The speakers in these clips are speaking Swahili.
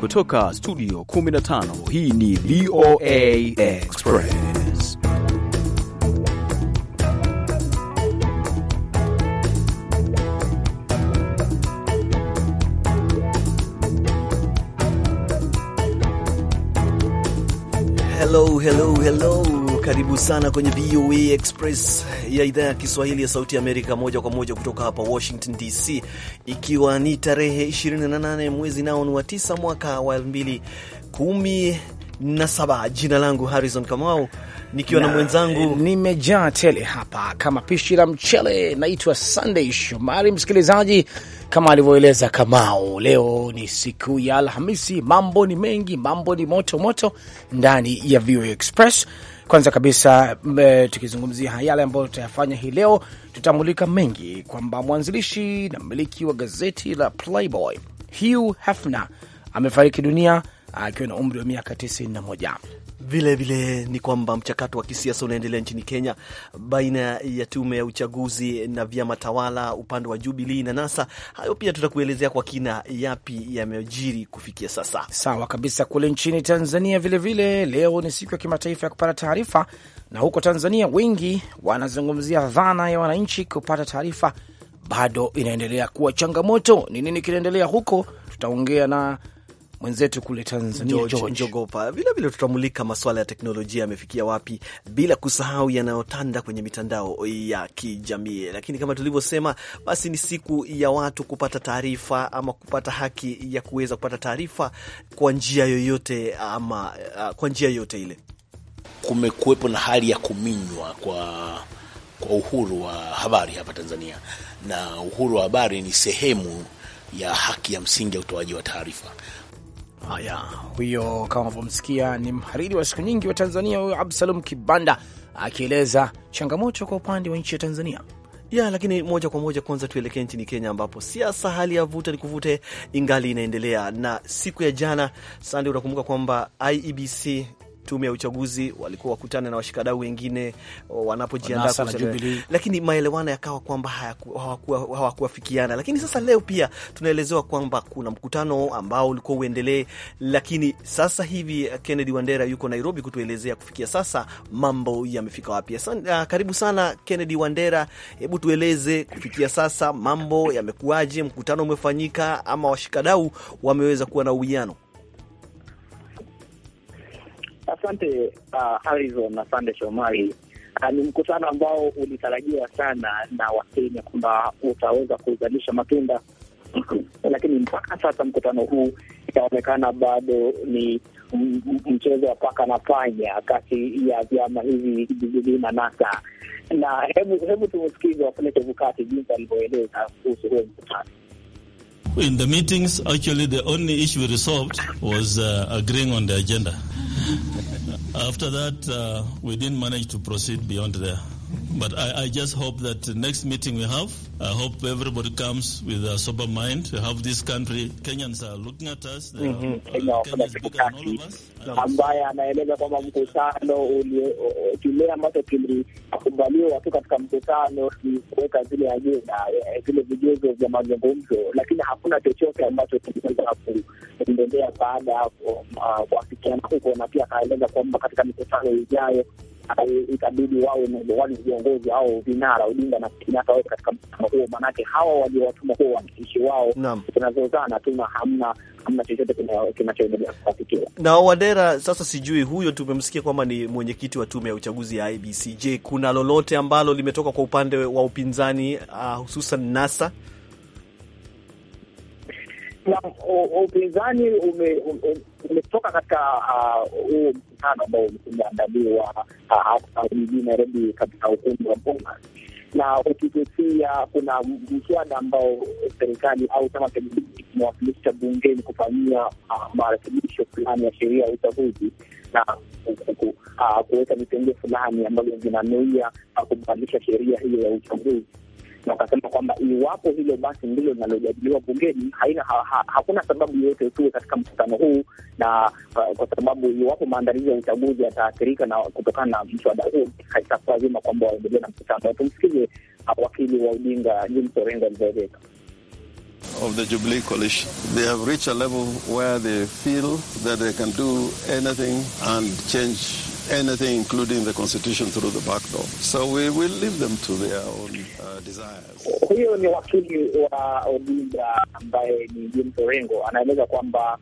Kutoka studio 15 hii ni VOA Express. Hello, hello, hello karibu sana kwenye VOA Express ya idhaa ya Kiswahili ya Sauti Amerika, moja kwa moja kutoka hapa Washington DC, ikiwa ni tarehe 28 mwezi nao ni wa 9 mwaka wa 2017. Jina langu Harrison Kamau nikiwa na, na mwenzangu eh, nimejaa tele hapa kama pishi la mchele. Naitwa Sunday Shomari. Msikilizaji, kama alivyoeleza Kamao, leo ni siku ya Alhamisi. Mambo ni mengi, mambo ni moto moto ndani ya VOA Express kwanza kabisa e, tukizungumzia yale ambayo tutayafanya hii leo, tutamulika mengi kwamba mwanzilishi na mmiliki wa gazeti la Playboy Hugh Hefner amefariki dunia akiwa na umri wa miaka 91. Vilevile ni kwamba mchakato wa kisiasa unaendelea nchini Kenya baina ya tume ya uchaguzi na vyama tawala upande wa Jubilee na NASA. Hayo pia tutakuelezea kwa kina yapi yamejiri kufikia sasa. Sawa kabisa. Kule nchini Tanzania vilevile vile, leo ni siku ya kimataifa ya kupata taarifa, na huko Tanzania wengi wanazungumzia dhana ya wananchi kupata taarifa bado inaendelea kuwa changamoto. Ni nini kinaendelea huko? Tutaongea na mwenzetu kule Tanzania Njogopa. Vilevile tutamulika maswala ya teknolojia yamefikia wapi, bila kusahau yanayotanda kwenye mitandao ya kijamii. Lakini kama tulivyosema, basi ni siku ya watu kupata taarifa ama kupata haki ya kuweza kupata taarifa kwa njia yoyote ama uh, kwa njia yoyote ile. Kumekuwepo na hali ya kuminywa kwa kwa uhuru wa habari hapa Tanzania, na uhuru wa habari ni sehemu ya haki ya msingi ya utoaji wa taarifa. Haya, huyo kama unavyomsikia ni mhariri wa siku nyingi wa Tanzania, huyo Absalom Kibanda akieleza changamoto kwa upande wa nchi ya Tanzania ya lakini moja kwa moja kwanza tuelekee nchini Kenya, ambapo siasa, hali ya vuta ni kuvute ingali inaendelea. Na siku ya jana Sande, unakumbuka kwamba IEBC tume ya uchaguzi walikuwa wakutana na washikadau wengine uh, wanapojiandaa, lakini maelewano yakawa kwamba hawakuafikiana. Lakini sasa leo pia tunaelezewa kwamba kuna mkutano ambao ulikuwa uendelee, lakini sasa hivi uh, Kennedy Wandera yuko Nairobi kutuelezea kufikia sasa mambo yamefika wapi. Uh, karibu sana Kennedy Wandera, hebu tueleze kufikia sasa mambo yamekuwaje? Mkutano umefanyika ama washikadau wameweza kuwa na uwiano? Asante uh, Harrison, asante Shomari. Uh, ni mkutano ambao ulitarajiwa sana na Wakenya kwamba utaweza kuzalisha matunda lakini mpaka sasa mkutano huu itaonekana bado ni mchezo wa paka na panya kati ya vyama hivi Jubilii na NASA. Na hebu hebu tuusikize Wafula Chebukati jinsi alivyoeleza kuhusu huo mkutano. In the meetings, actually, the only issue resolved was uh, agreeing on the agenda. After that, uh, we didn't manage to proceed beyond there. But I, I just hope that the next meeting we have, I hope everybody comes with a sober mind. We have this country. Kenyans are looking at us. They mm -hmm. Kenya wakona siku tatu ambaye anaeleza kwamba mkutano kile ambacho kilikubaliwa tu katika mkutano ni kuweka zile ajenda eh, zile vigezo vya mazungumzo, lakini hakuna chochote ambacho kimeweza kuendelea baada ya um, uh, kuafikiana huko, na pia akaeleza kwamba katika mikutano ijayo itabidi wawe wale viongozi au vinara Odinga na Kenyatta wawe katika mkutano huo, maanake hawa waliowatuma huo wawakilishi wao, tunazozana tu na hamna chochote kinachoendelea kuafikiwa na Wadera. Sasa sijui huyo, tumemsikia kwamba ni mwenyekiti wa tume ya uchaguzi ya IBC. Je, kuna lolote ambalo limetoka kwa upande wa upinzani uh, hususan NASA upinzani umetoka katika uh, huu mkutano ambao umeandaliwa jijini uh, uh, Nairobi katika ukumbi wa Bomas na ukisusia kuna mswada ambao serikali au chama cha kimewakilisha bungeni kufanyia marekebisho fulani ya sheria ya uchaguzi na kuweka vipengee fulani ambavyo vinanuia kubadilisha sheria hiyo ya uchaguzi na wakasema kwamba iwapo hilo basi ndilo linalojadiliwa bungeni, haina ha, ha, hakuna sababu yoyote tuwe katika mkutano huu, na kwa sababu iwapo maandalizi ya uchaguzi yataathirika na kutokana na mswada huu, haitakuwa vyema kwamba waendelee na mkutano. Tumsikize uh, wakili wa Odinga James Orengo alivyoeleza of the Jubilee coalition. They have reached a level where they feel that they can do anything and change anything including the constitution through the back door. So we will leave them to their own uh, desires. Huyo ni wakili wa Odinga ambaye ni Jim Orengo anaeleza kwamba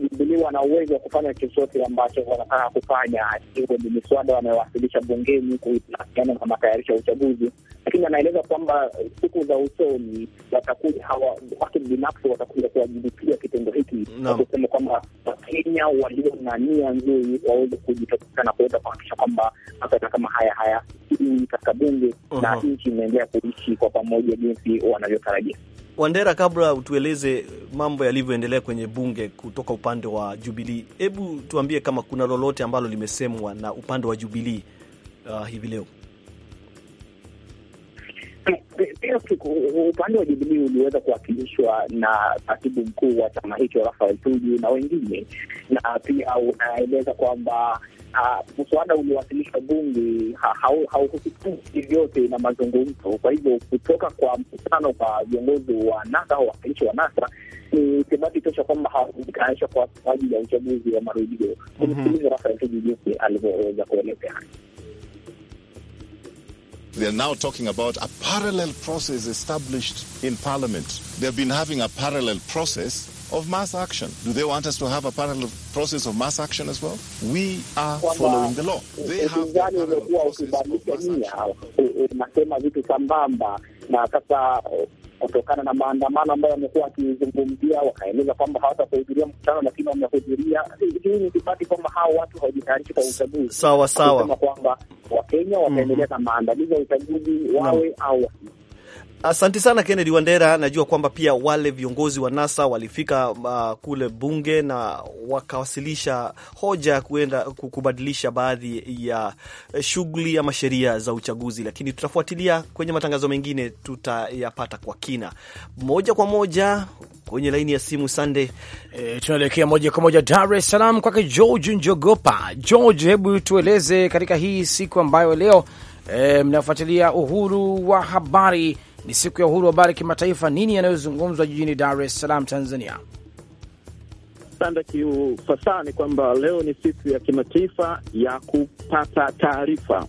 Jubilee wana uwezo wa kufanya chochote ambacho wanataka kufanya, iwe ni miswada wanayowasilisha bungeni kuhusiana na matayarisho ya uchaguzi, lakini anaeleza kwamba siku za usoni watakuja hawa watu binafsi watakuja kuwajibikia kitendo hiki na kusema kwamba Wakenya walio na nia nzuri waweze kujitokeza na kuweza kuhakikisha kwamba maswala kama haya haya hii katika bunge uh -huh. na nchi inaendelea kuishi kwa pamoja jinsi wanavyotarajia. Wandera, kabla utueleze mambo yalivyoendelea kwenye bunge kutoka upande wa jubilii hebu tuambie kama kuna lolote ambalo limesemwa na upande wa jubilii uh, hivi leo. Leo upande wa Jubilii uliweza kuwakilishwa na katibu mkuu wa chama hicho Rafael Tuju na wengine, na pia unaeleza kwamba uh, mswada uliowasilishwa bunge ha, ha, kivyote na mazungumzo. Kwa hivyo kutoka kwa mkutano kwa viongozi wa NASA au wakilishi wa NASA ni ithibati tosha kwamba hawajitayarisha kwa ajili ya uchaguzi wa marudio. Kumsikiliza mhm. Rafael Tuju jinsi alivyoweza kuelezea. They are now talking about a parallel process established in parliament. They've been having a parallel process of mass action. Do they want us to have a parallel process of mass action as well? We are following the law. They have parallel process of mass action. Unasema vitu sambamba na sasa kutokana na maandamano ambayo wamekuwa wakizungumzia, wakaeleza kwamba hawatakuhudhuria mkutano, lakini wamehudhuria. Hii ni thibati kwamba hao watu hawajitayarishi kwa uchaguzi. Sawa sawa, kwamba Wakenya wataendelea mhm. na maandalizi ya uchaguzi wawe au Asante sana Kennedy Wandera. Najua kwamba pia wale viongozi wa NASA walifika uh, kule bunge na wakawasilisha hoja ya kuenda kubadilisha baadhi ya eh, shughuli ama sheria za uchaguzi, lakini tutafuatilia kwenye matangazo mengine, tutayapata kwa kina. Moja kwa moja kwenye laini ya simu Sande. E, tunaelekea moja kwa moja Dar es Salaam kwake George Njogopa. George, hebu tueleze katika hii siku ambayo leo e, mnafuatilia uhuru wa habari ni siku ya uhuru wa habari kimataifa. Nini yanayozungumzwa jijini Dar es Salaam, Tanzania? Sanda, kiufasaha ni kwamba leo ni siku ya kimataifa ya kupata taarifa,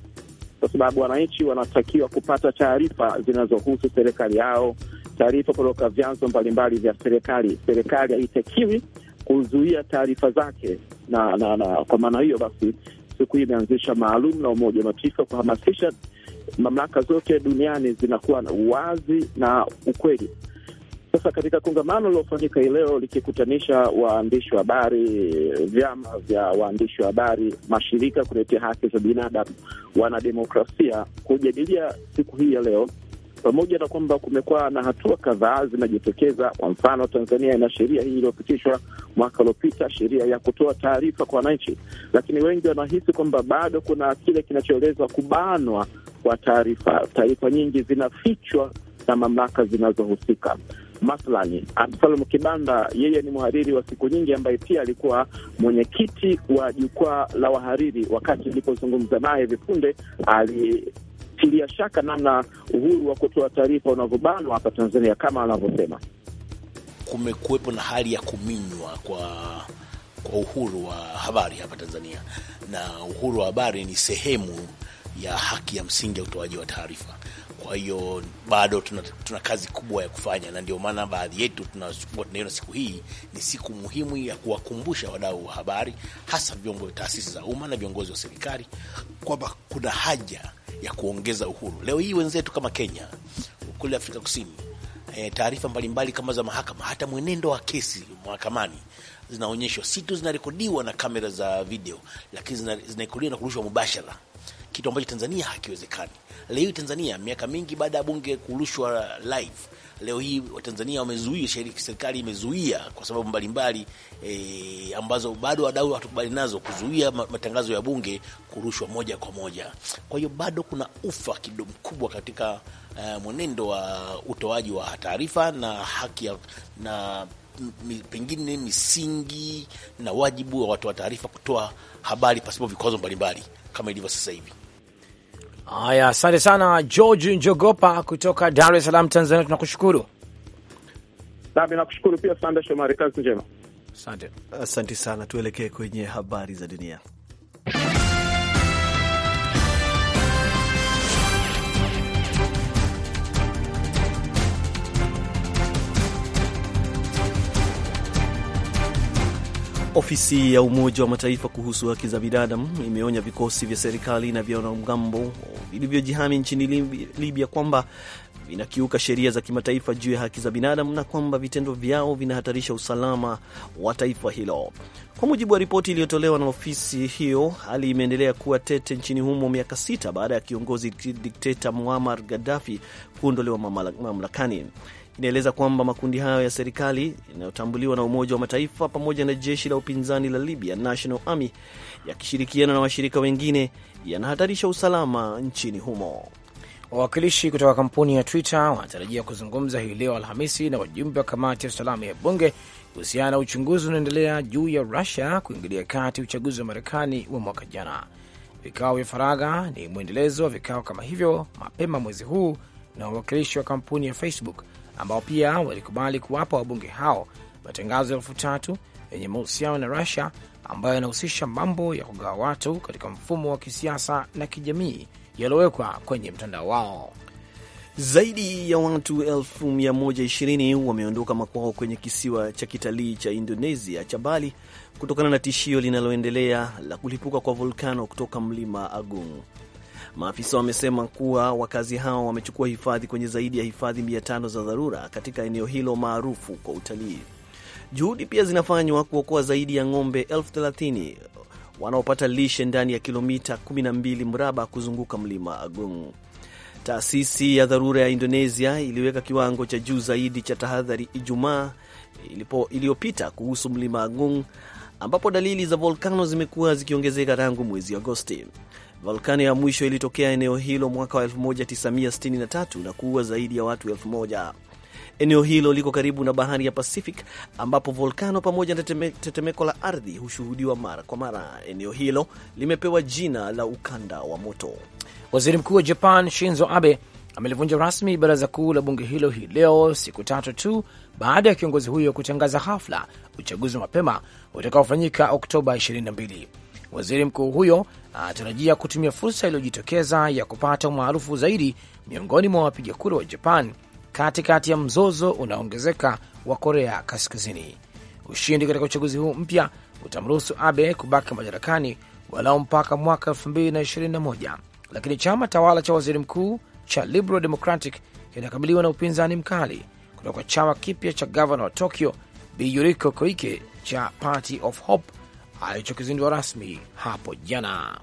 kwa sababu wananchi wanatakiwa kupata taarifa zinazohusu serikali yao, taarifa kutoka vyanzo mbalimbali vya serikali. Serikali haitakiwi kuzuia taarifa zake, na, na, na kwa maana hiyo basi siku hii imeanzisha maalum na Umoja wa Mataifa kuhamasisha mamlaka zote duniani zinakuwa na uwazi na ukweli. Sasa katika kongamano lilofanyika hii leo likikutanisha waandishi wa habari, vyama vya waandishi wa habari, mashirika kuletea haki za binadamu, wanademokrasia, kujadilia siku hii ya leo, pamoja na kwamba kumekuwa na hatua kadhaa zinajitokeza. Kwa mfano, Tanzania ina sheria hii iliyopitishwa mwaka uliopita, sheria ya kutoa taarifa kwa wananchi, lakini wengi wanahisi kwamba bado kuna kile kinachoelezwa kubanwa kwa taarifa. Taarifa nyingi zinafichwa na mamlaka zinazohusika. Mathalani, Absalom Kibanda, yeye ni mhariri wa siku nyingi ambaye pia alikuwa mwenyekiti wa jukwaa la wahariri. Wakati nilipozungumza naye hivi punde, alitilia shaka namna uhuru wa kutoa taarifa unavyobanwa hapa Tanzania, kama anavyosema kumekuwepo na hali ya kuminywa kwa kwa uhuru wa habari hapa Tanzania, na uhuru wa habari ni sehemu ya haki ya msingi ya utoaji wa taarifa. Kwa hiyo bado tuna, tuna kazi kubwa ya kufanya, na ndio maana baadhi yetu tunachukua tunaiona siku hii ni siku muhimu ya kuwakumbusha wadau wa habari, hasa vyombo vya taasisi za umma na viongozi wa serikali kwamba kuna haja ya kuongeza uhuru. Leo hii wenzetu kama Kenya, kule Afrika Kusini, e, taarifa mbalimbali kama za mahakama, hata mwenendo wa kesi mahakamani zinaonyeshwa, si tu zinarekodiwa na kamera za video, lakini zinarekodiwa na kurushwa mubashara, kitu ambacho Tanzania hakiwezekani leo Tanzania miaka mingi baada ya bunge kurushwa live, leo hii Watanzania wamezuia, serikali imezuia kwa sababu mbalimbali mbali, eh, e, ambazo bado wadau hatukubali nazo, kuzuia matangazo ya bunge kurushwa moja kwa moja. Kwa hiyo bado kuna ufa kidogo mkubwa katika uh, mwenendo wa utoaji wa taarifa na haki ya, na pengine misingi na wajibu wa watoa taarifa kutoa habari pasipo vikwazo mbalimbali kama ilivyo sasa hivi. Haya, asante sana George Njogopa kutoka Dar es Salaam, Tanzania, tunakushukuru. Nami nakushukuru pia, Sande Shomari, kazi njema. Asante, asante sana. Tuelekee kwenye habari za dunia. Ofisi ya Umoja wa Mataifa kuhusu haki za binadamu imeonya vikosi vya serikali na vya wanamgambo vilivyojihami nchini Libya kwamba vinakiuka sheria za kimataifa juu ya haki za binadamu na kwamba vitendo vyao vinahatarisha usalama wa taifa hilo. Kwa mujibu wa ripoti iliyotolewa na ofisi hiyo, hali imeendelea kuwa tete nchini humo miaka sita baada ya kiongozi dikteta Muammar Gaddafi kuondolewa mamlakani inaeleza kwamba makundi hayo ya serikali yanayotambuliwa na Umoja wa Mataifa pamoja na jeshi la upinzani la Libya National Army yakishirikiana na washirika wengine yanahatarisha usalama nchini humo. Wawakilishi kutoka kampuni ya Twitter wanatarajia kuzungumza hii leo Alhamisi na wajumbe wa kamati ya usalama ya bunge kuhusiana na uchunguzi unaendelea juu ya Rusia kuingilia kati uchaguzi wa Marekani wa mwaka jana. Vikao vya faragha ni mwendelezo wa vikao kama hivyo mapema mwezi huu na wawakilishi wa kampuni ya Facebook ambao pia walikubali kuwapa wabunge hao matangazo elfu tatu yenye mahusiano na Rusia ambayo yanahusisha mambo ya kugawa watu katika mfumo wa kisiasa na kijamii yaliyowekwa kwenye mtandao wao. Zaidi ya watu elfu 120 wameondoka makwao kwenye kisiwa cha kitalii cha Indonesia cha Bali kutokana na tishio linaloendelea la kulipuka kwa volkano kutoka mlima Agung. Maafisa wamesema kuwa wakazi hao wamechukua hifadhi kwenye zaidi ya hifadhi mia tano za dharura katika eneo hilo maarufu kwa utalii. Juhudi pia zinafanywa kuokoa zaidi ya ng'ombe elfu thelathini wanaopata lishe ndani ya kilomita 12 mraba kuzunguka mlima Agung. Taasisi ya dharura ya Indonesia iliweka kiwango cha juu zaidi cha tahadhari Ijumaa iliyopita kuhusu mlima Agung, ambapo dalili za volkano zimekuwa zikiongezeka tangu mwezi Agosti. Volkani ya mwisho ilitokea eneo hilo mwaka wa 1963 na kuua zaidi ya watu 1 Eneo hilo liko karibu na bahari ya Pacific ambapo volkano pamoja na tetemeko la ardhi hushuhudiwa mara kwa mara. Eneo hilo limepewa jina la ukanda wa moto. Waziri Mkuu wa Japan Shinzo Abe amelivunja rasmi baraza kuu la bunge hilo hii leo, siku tatu tu baada ya kiongozi huyo kutangaza hafla uchaguzi wa mapema utakaofanyika Oktoba 22. Waziri mkuu huyo anatarajia kutumia fursa iliyojitokeza ya kupata umaarufu zaidi miongoni mwa wapiga kura wa Japan katikati kati ya mzozo unaoongezeka wa Korea Kaskazini. Ushindi katika uchaguzi huu mpya utamruhusu Abe kubaki madarakani walau mpaka mwaka 2021 lakini chama tawala cha waziri mkuu cha Liberal Democratic kinakabiliwa na upinzani mkali kutoka kwa chama kipya cha gavana wa Tokyo Biyuriko Koike cha Party of Hope alichokizindua rasmi hapo jana.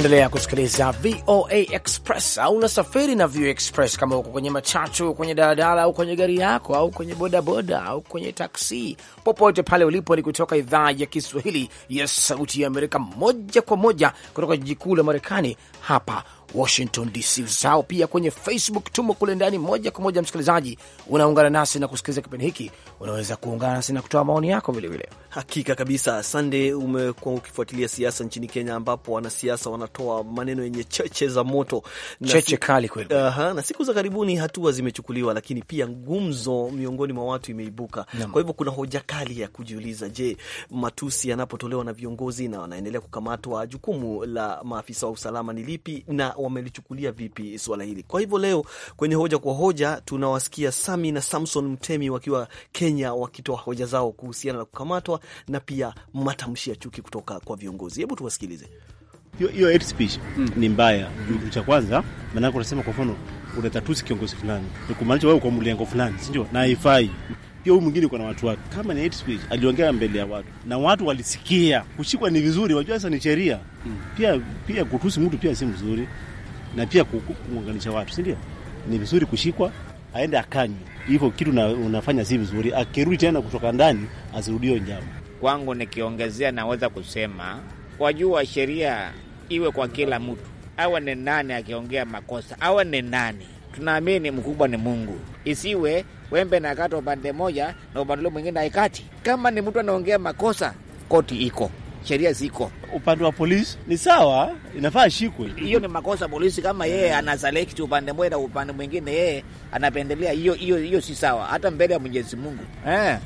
Unaendelea kusikiliza VOA Express au unasafiri na VOA Express, kama uko kwenye matatu, kwenye daladala, au kwenye gari yako, au kwenye bodaboda, au kwenye taksi, popote pale ulipo, ni kutoka idhaa ya Kiswahili ya Sauti ya Amerika, moja kwa moja kutoka jiji kuu la Marekani hapa Washington DC. Usisahau pia kwenye Facebook, tumo kule ndani moja kwa moja. Msikilizaji, unaungana nasi na kusikiliza kipindi hiki, unaweza kuungana nasi na kutoa maoni yako vilevile. Hakika kabisa, Sande, umekuwa ukifuatilia siasa nchini Kenya, ambapo wanasiasa wanatoa maneno yenye cheche za moto na cheche kali kweli. Aha, na siku za karibuni hatua zimechukuliwa, lakini pia ngumzo miongoni mwa watu imeibuka. Kwa hivyo kuna hoja kali ya kujiuliza, je, matusi yanapotolewa na viongozi na wanaendelea kukamatwa, jukumu la maafisa wa usalama ni lipi na wamelichukulia vipi swala hili. Kwa hivyo leo kwenye hoja kwa hoja tunawasikia Sami na Samson Mtemi wakiwa Kenya wakitoa hoja zao kuhusiana na kukamatwa na pia matamshi ya chuki kutoka kwa viongozi. Hebu tuwasikilize. Hiyo hate speech mm, ni mbaya juu cha kwanza, maanake unasema kwa mfano unatatusi kiongozi fulani, ni kumaanisha wewe kwa mlengo fulani, sindio? Na haifai pia huyu mwingine uko watu wake, kama ni hate speech aliongea mbele ya watu na watu walisikia, kushikwa ni vizuri, wajua sasa ni sheria. Hmm. Pia pia kutusi mtu pia si mzuri, na pia kuunganisha watu, si ndio? Ni vizuri kushikwa aende akanywe, hivyo kitu na, unafanya si vizuri. Akirudi tena kutoka ndani azirudio njama. Kwangu nikiongezea, naweza kusema jua sheria iwe kwa kila mtu, awe ni nani akiongea makosa, awe ni nani. Tunaamini mkubwa ni Mungu, isiwe wembe na kata upande moja na upande ule mwingine haikati. Kama ni mtu anaongea makosa, koti iko sheria ziko upande wa polisi. Ni sawa, inafaa shikwe. Hiyo ni makosa polisi, kama yeye eh. ana select upande mmoja na upande mwingine, yeye anapendelea hiyo hiyo hiyo, si sawa hata mbele ya Mwenyezi Mungu eh.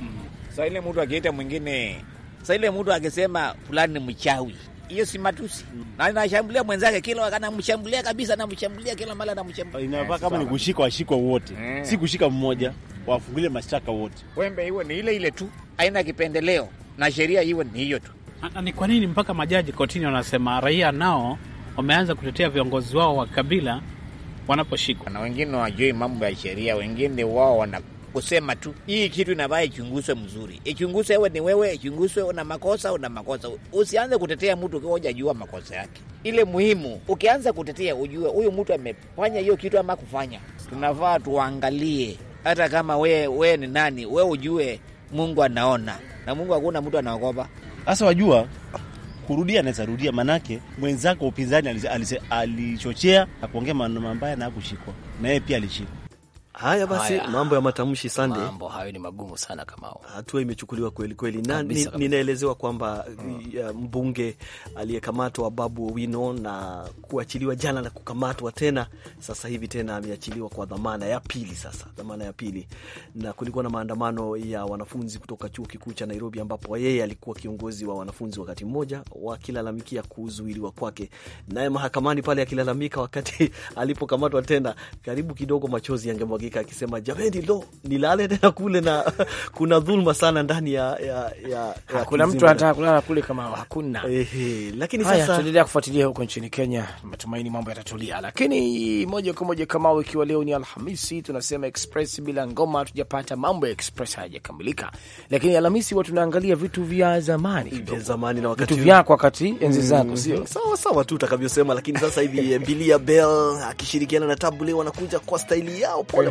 Sasa ile mtu akiita mwingine, sasa ile mtu akisema fulani ni mchawi hiyo si matusi mm. na anashambulia mwenzake kila wakati, anamshambulia kabisa, anamshambulia kila mara, anamshambulia. Inafaa eh, kama ni kushika, washikwa wote mm. si kushika mmoja, wafungulie mashtaka wote. Wembe iwe ni ile ile tu, aina kipendeleo, na sheria iwe ni hiyo tu. Ah, na ni kwa nini mpaka majaji kotini wanasema raia nao wameanza kutetea viongozi wao wa kabila wanaposhikwa, na wengine wajui mambo ya sheria, wengine wao wana kusema tu hii kitu inavaa ichunguzwe mzuri, ichunguzwe. Wewe ni wewe, ichunguzwe. Una makosa, una makosa. Usianze kutetea mtu ukiwa hujajua makosa yake. Ile muhimu, ukianza kutetea ujue huyu mtu amefanya hiyo kitu ama kufanya. Tunavaa tuangalie, hata kama wewe we ni nani, we ujue Mungu anaona, na Mungu hakuna mtu anaogopa. Sasa wajua kurudia anaweza rudia, manake mwenzako upinzani alichochea na kuongea maneno mabaya na kushikwa, na yeye pia alishikwa. Haya basi, haya. Mambo ya matamshi sande, mambo hayo ni magumu sana Kamao. Hatua imechukuliwa kweli kweli, na ninaelezewa kwamba hmm, mbunge aliyekamatwa Babu Owino na kuachiliwa jana na kukamatwa tena sasa hivi tena ameachiliwa kwa dhamana ya pili, sasa dhamana ya pili. Na kulikuwa na maandamano ya wanafunzi kutoka chuo kikuu cha Nairobi, ambapo yeye alikuwa kiongozi wa wanafunzi wakati mmoja, wakilalamikia kuzuiliwa kwake, naye mahakamani pale akilalamika wakati alipokamatwa tena, karibu kidogo machozi yangemwaga alisikika akisema jameni, lo nilale tena kule na kuna dhulma sana ndani ya, ya, ya, ya kuna mtu anataka kulala kule kama hakuna ehe. Lakini sasa tuendelea kufuatilia huko nchini Kenya, matumaini mambo yatatulia. Lakini moja kwa moja kama ikiwa leo ni Alhamisi, tunasema express bila ngoma, hatujapata mambo ya express hayajakamilika, lakini Alhamisi huwa tunaangalia vitu vya zamani vya zamani na wakati vyako wakati enzi mm. zako, sio sawa sawa tu utakavyosema, lakini sasa hivi Bilia Bel akishirikiana na Tabu leo wanakuja kwa staili yao pole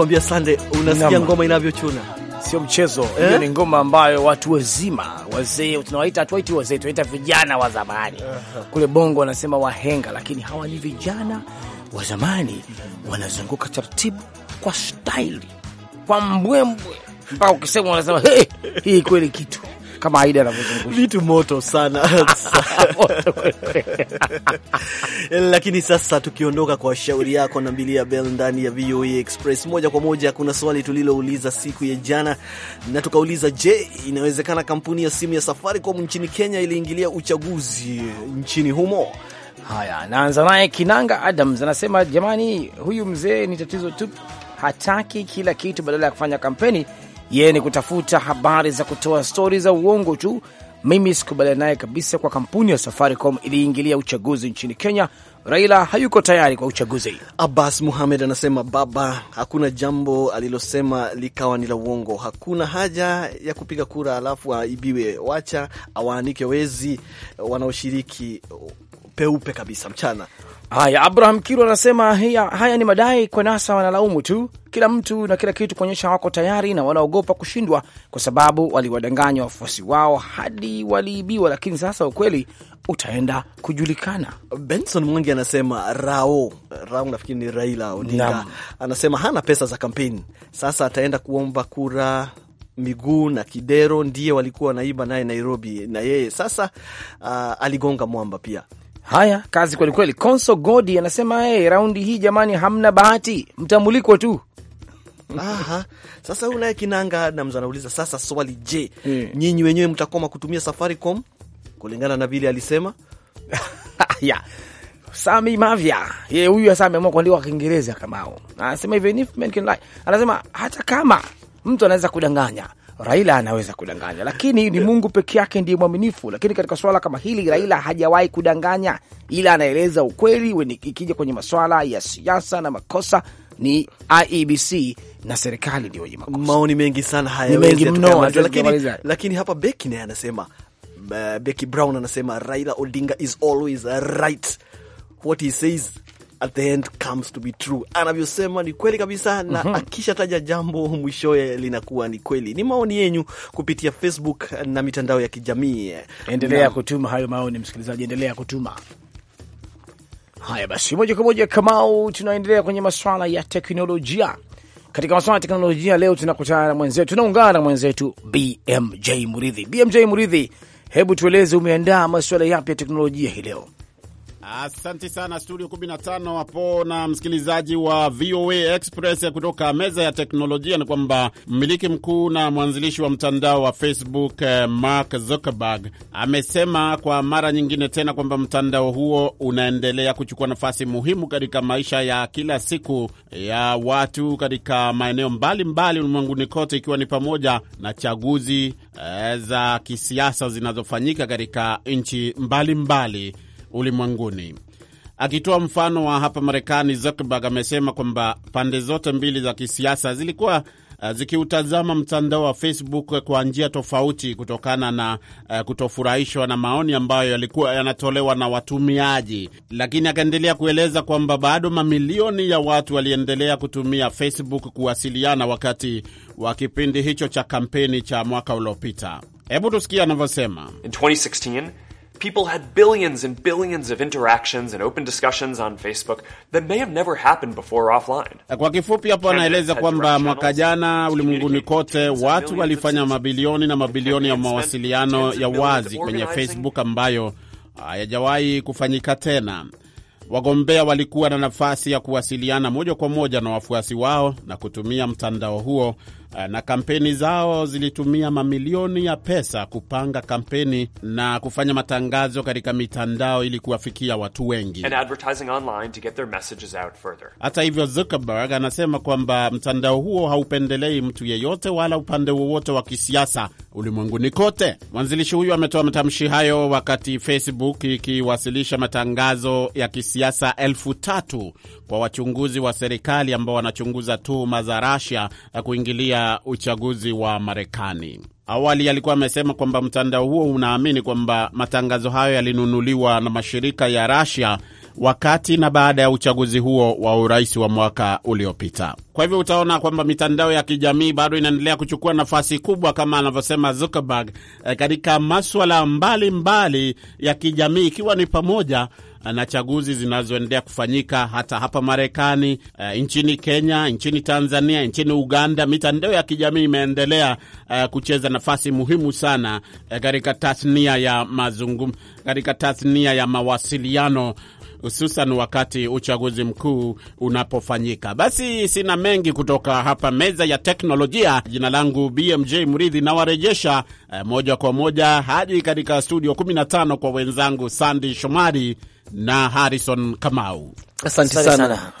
nakwambia Sande, unasikia ngoma inavyochuna, sio mchezo eh? ni ngoma ambayo watu wazima wazee, tunawaita hatuwaiti wazee, tunaita vijana wa zamani Kule Bongo wanasema wahenga, lakini hawa ni vijana wa zamani, wanazunguka taratibu kwa staili, kwa mbwembwe mpaka ukisema wanasema hey, hii kweli kitu kama Aida anavyozungumza vitu moto sana eh, lakini sasa tukiondoka kwa shauri yako na mbili ya Bell ndani ya VOA Express, moja kwa moja kuna swali tulilouliza siku ya jana, na tukauliza je, inawezekana kampuni ya simu ya Safaricom nchini Kenya iliingilia uchaguzi nchini humo? Haya, naanza naye Kinanga Adams anasema, jamani, huyu mzee ni tatizo tu, hataki kila kitu badala ya kufanya kampeni yeye ni kutafuta habari za kutoa stori za uongo tu. Mimi sikubaliana naye kabisa, kwa kampuni ya Safaricom iliingilia uchaguzi nchini Kenya. Raila hayuko tayari kwa uchaguzi. Abbas Muhamed anasema baba, hakuna jambo alilosema likawa ni la uongo. Hakuna haja ya kupiga kura alafu aibiwe. Wacha awaanike wezi wanaoshiriki peupe kabisa mchana. Haya, Abraham Kiru anasema haya, haya ni madai kwa NASA, wanalaumu tu kila mtu na kila kitu kuonyesha wako tayari na wanaogopa kushindwa, kwa sababu waliwadanganya wafuasi wao hadi waliibiwa, lakini sasa ukweli utaenda kujulikana. Benson Mwangi anasema Rao, Rao nafikiri ni Raila Odinga, anasema hana pesa za kampeni, sasa ataenda kuomba kura miguu na Kidero ndiye walikuwa wanaiba naye Nairobi, na yeye sasa uh, aligonga mwamba pia. Haya, kazi kwelikweli. Konso Godi anasema hey, raundi hii jamani, hamna bahati, mtambuliko tu. Aha. Sasa huyu naye Kinanga Adams anauliza sasa swali, je, hmm, nyinyi wenyewe mtakoma kutumia Safaricom kulingana na vile alisema ya Sami Mavya ye huyu asa ameamua kuandika kwa Kiingereza kamao, anasema hivyo, anasema hata kama mtu anaweza kudanganya Raila anaweza kudanganya, lakini ni Mungu peke yake ndiye mwaminifu. Lakini katika swala kama hili, Raila hajawahi kudanganya, ila anaeleza ukweli. Ikija kwenye maswala ya siasa na makosa ni IEBC na serikali ndio wenye makosa. Maoni mengi sana hayawezi lakini, lakini hapa Beki naye anasema uh, eh, Beki Brown anasema Raila Odinga is always right what he says at the end comes to be true, anavyosema ni kweli kabisa na mm -hmm. Akishataja jambo mwishoye linakuwa ni kweli. Ni maoni yenyu kupitia Facebook na mitandao ya kijamii. Endelea na... kutuma hayo maoni, msikilizaji, endelea kutuma haya. Basi moja kwa moja, Kamau, tunaendelea kwenye maswala ya teknolojia. Katika masuala ya teknolojia leo tunakutana na mwenzetu, tunaungana na mwenzetu BMJ Muridhi. BMJ Muridhi, hebu tueleze, umeandaa masuala yapi ya teknolojia hii leo? Asante sana studio 15 hapo. Na msikilizaji wa VOA Express kutoka meza ya teknolojia, ni kwamba mmiliki mkuu na mwanzilishi wa mtandao wa Facebook eh, Mark Zuckerberg amesema kwa mara nyingine tena kwamba mtandao huo unaendelea kuchukua nafasi muhimu katika maisha ya kila siku ya watu katika maeneo mbalimbali ulimwenguni kote, ikiwa ni pamoja na chaguzi eh, za kisiasa zinazofanyika katika nchi mbalimbali ulimwenguni. Akitoa mfano wa hapa Marekani, Zuckerberg amesema kwamba pande zote mbili za kisiasa zilikuwa eh, zikiutazama mtandao wa Facebook kwa njia tofauti kutokana na uh, kutofurahishwa na maoni ambayo yalikuwa yanatolewa na watumiaji, lakini akaendelea kueleza kwamba bado mamilioni ya watu waliendelea kutumia Facebook kuwasiliana wakati wa kipindi hicho cha kampeni cha mwaka uliopita. Hebu tusikie anavyosema. In 2016 people had billions and billions of interactions and open discussions on Facebook that may have never happened before offline. Kwa kifupi hapo anaeleza kwamba mwaka jana ulimwenguni kote watu walifanya mabilioni na mabilioni ya mawasiliano ya wazi kwenye Facebook ambayo hayajawahi kufanyika tena. Wagombea walikuwa na nafasi ya kuwasiliana moja kwa moja na wafuasi wao na kutumia mtandao huo Eh, na kampeni zao zilitumia mamilioni ya pesa kupanga kampeni na kufanya matangazo katika mitandao ili kuwafikia watu wengi. Hata hivyo, Zuckerberg anasema kwamba mtandao huo haupendelei mtu yeyote wala upande wowote wa kisiasa ulimwenguni kote. Mwanzilishi huyo ametoa matamshi hayo wakati Facebook ikiwasilisha matangazo ya kisiasa elfu tatu kwa wachunguzi wa serikali ambao wanachunguza tuhuma za Russia kuingilia ya uchaguzi wa Marekani. Awali alikuwa amesema kwamba mtandao huo unaamini kwamba matangazo hayo yalinunuliwa na mashirika ya Russia wakati na baada ya uchaguzi huo wa urais wa mwaka uliopita. Kwa hivyo utaona kwamba mitandao ya kijamii bado inaendelea kuchukua nafasi kubwa, kama anavyosema Zuckerberg, eh, katika maswala mbalimbali ya kijamii, ikiwa ni pamoja Eh, na chaguzi zinazoendelea kufanyika hata hapa Marekani, uh, nchini Kenya, nchini Tanzania, nchini Uganda, mitandao ya kijamii imeendelea uh, kucheza nafasi muhimu sana katika uh, tasnia ya mazungum, katika tasnia ya mawasiliano hususan wakati uchaguzi mkuu unapofanyika. Basi sina mengi kutoka hapa meza ya teknolojia. Jina langu BMJ Mridhi, nawarejesha eh, moja kwa moja hadi katika studio 15 kwa wenzangu Sandi Shomari na Harrison Kamau. Asante sana. sana.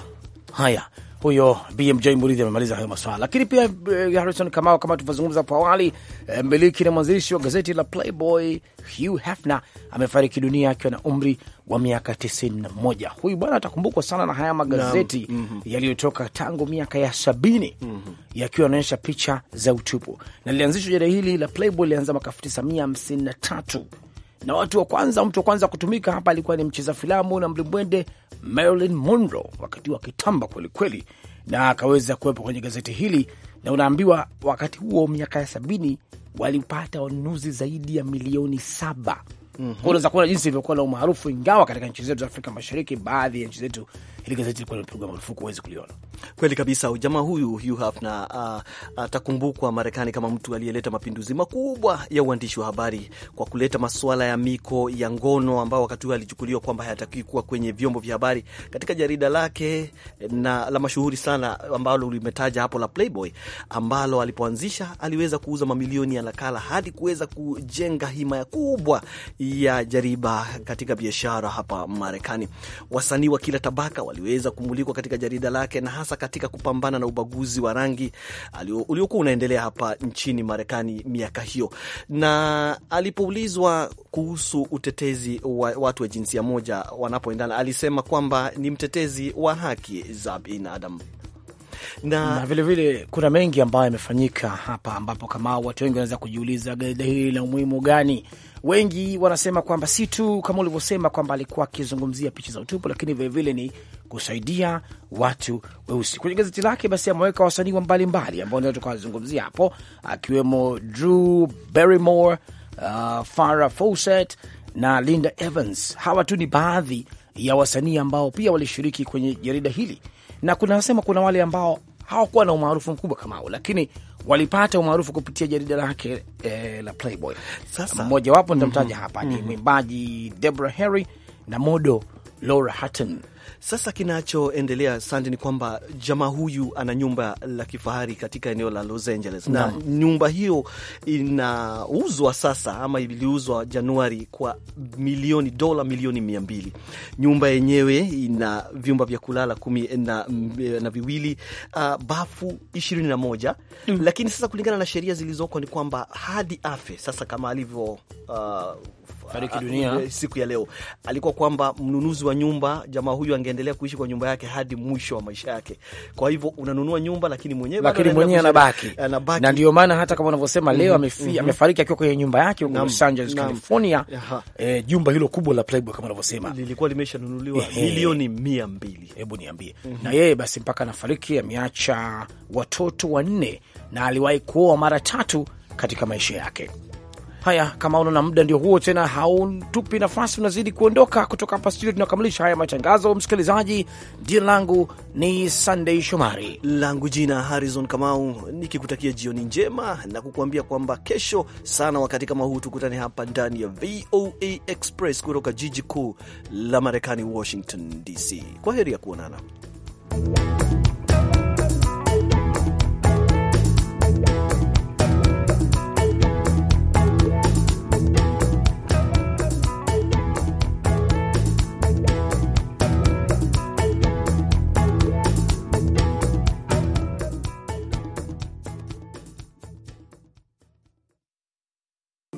Haya, huyo BMJ Muridhi amemaliza hayo maswala, lakini pia eh, Harrison Kamau, kama tulivyozungumza hapo awali, eh, mmiliki na mwanzilishi wa gazeti la Playboy Hugh Hefner amefariki dunia akiwa na umri wa miaka 91. Huyu bwana atakumbukwa sana na haya magazeti mm -hmm. yaliyotoka tangu miaka ya sabini mm -hmm. yakiwa yanaonyesha picha za utupu, na lilianzishwa jarida hili la Playboy lilianza mwaka 1953 na watu wa kwanza, mtu wa kwanza kutumika hapa alikuwa ni mcheza filamu na mlimbwende Marilyn Monroe, wakati wakitamba kwelikweli, na akaweza kuwepo kwenye gazeti hili, na unaambiwa wakati huo miaka ya sabini walipata wanunuzi zaidi ya milioni saba mm -hmm. Unaweza kuona jinsi ilivyokuwa na umaarufu, ingawa katika nchi zetu za Afrika Mashariki, baadhi ya nchi zetu hili gazeti ilikuwa limepigwa marufuku, huwezi kuliona. Kweli kabisa, jamaa huyu Hugh Hefner atakumbukwa uh, uh, Marekani kama mtu aliyeleta mapinduzi makubwa ya uandishi wa habari kwa kuleta masuala ya miko ya ngono, ambao wakati huo alichukuliwa kwamba hayatakiwi kuwa kwenye vyombo vya habari. Katika jarida lake na la mashuhuri sana ambalo limetaja hapo la Playboy, ambalo alipoanzisha aliweza kuuza mamilioni ya nakala hadi kuweza kujenga himaya kubwa ya jariba katika biashara hapa Marekani. Wasanii wa kila tabaka waliweza kumulikwa katika jarida lake na hasa katika kupambana na ubaguzi wa rangi uliokuwa unaendelea hapa nchini Marekani miaka hiyo. Na alipoulizwa kuhusu utetezi wa watu wa jinsia moja wanapoendana, alisema kwamba ni mtetezi wa haki za binadamu na, na vile vile kuna mengi ambayo yamefanyika hapa, ambapo kama watu wengi wanaweza kujiuliza jarida hili la umuhimu gani wengi wanasema kwamba si tu kama ulivyosema kwamba alikuwa akizungumzia picha za utupu, lakini vilevile ni kusaidia watu weusi. Kwenye gazeti lake basi ameweka wasanii wa mbalimbali ambao ndio tukawazungumzia hapo, akiwemo Drew Barrymore, uh, Farrah Fawcett na Linda Evans. Hawa tu ni baadhi ya wasanii ambao pia walishiriki kwenye jarida hili, na kunasema kuna wale ambao hawakuwa na umaarufu mkubwa kamao, lakini walipata umaarufu kupitia jarida lake eh, la Playboy. Sasa wapo nitamtaja mm -hmm. hapa ni mwimbaji Deborah Harry na modo Laura Hutton sasa kinachoendelea sande ni kwamba jamaa huyu ana nyumba la kifahari katika eneo la Los Angeles na Nae. nyumba hiyo inauzwa sasa ama iliuzwa Januari kwa milioni dola milioni mia mbili. Nyumba yenyewe ina vyumba vya kulala kumi na, na viwili uh, bafu ishirini na moja mm. Lakini sasa kulingana na sheria zilizoko ni kwamba hadi afe sasa kama alivyo uh, fariki ah, ah, dunia eh, siku ya leo alikuwa kwamba mnunuzi wa nyumba, jamaa huyu angeendelea kuishi kwa nyumba yake hadi mwisho wa maisha yake. Kwa hivyo unanunua nyumba, lakini mwenyewe lakini mwenyewe anabaki anabaki, na ndio maana hata kama unavyosema leo mm -hmm. amefariki akiwa kwenye nyumba yake huko Los Angeles, California. E, jumba hilo kubwa la Playboy kama unavyosema lilikuwa limeshanunuliwa milioni mia mbili. Hebu niambie mm -hmm. na yeye basi mpaka anafariki ameacha watoto wanne na aliwahi kuoa mara tatu katika maisha yake. Haya, kama unaona muda ndio huo tena, hautupi nafasi, unazidi kuondoka kutoka hapa studio. Tunakamilisha haya matangazo, msikilizaji. Jina langu ni Sunday Shomari, langu jina Harrison Kamau, nikikutakia jioni njema na kukuambia kwamba kesho sana wakati kama huu tukutane hapa ndani ya VOA Express kutoka jiji kuu la Marekani, Washington DC. Kwa heri ya kuonana.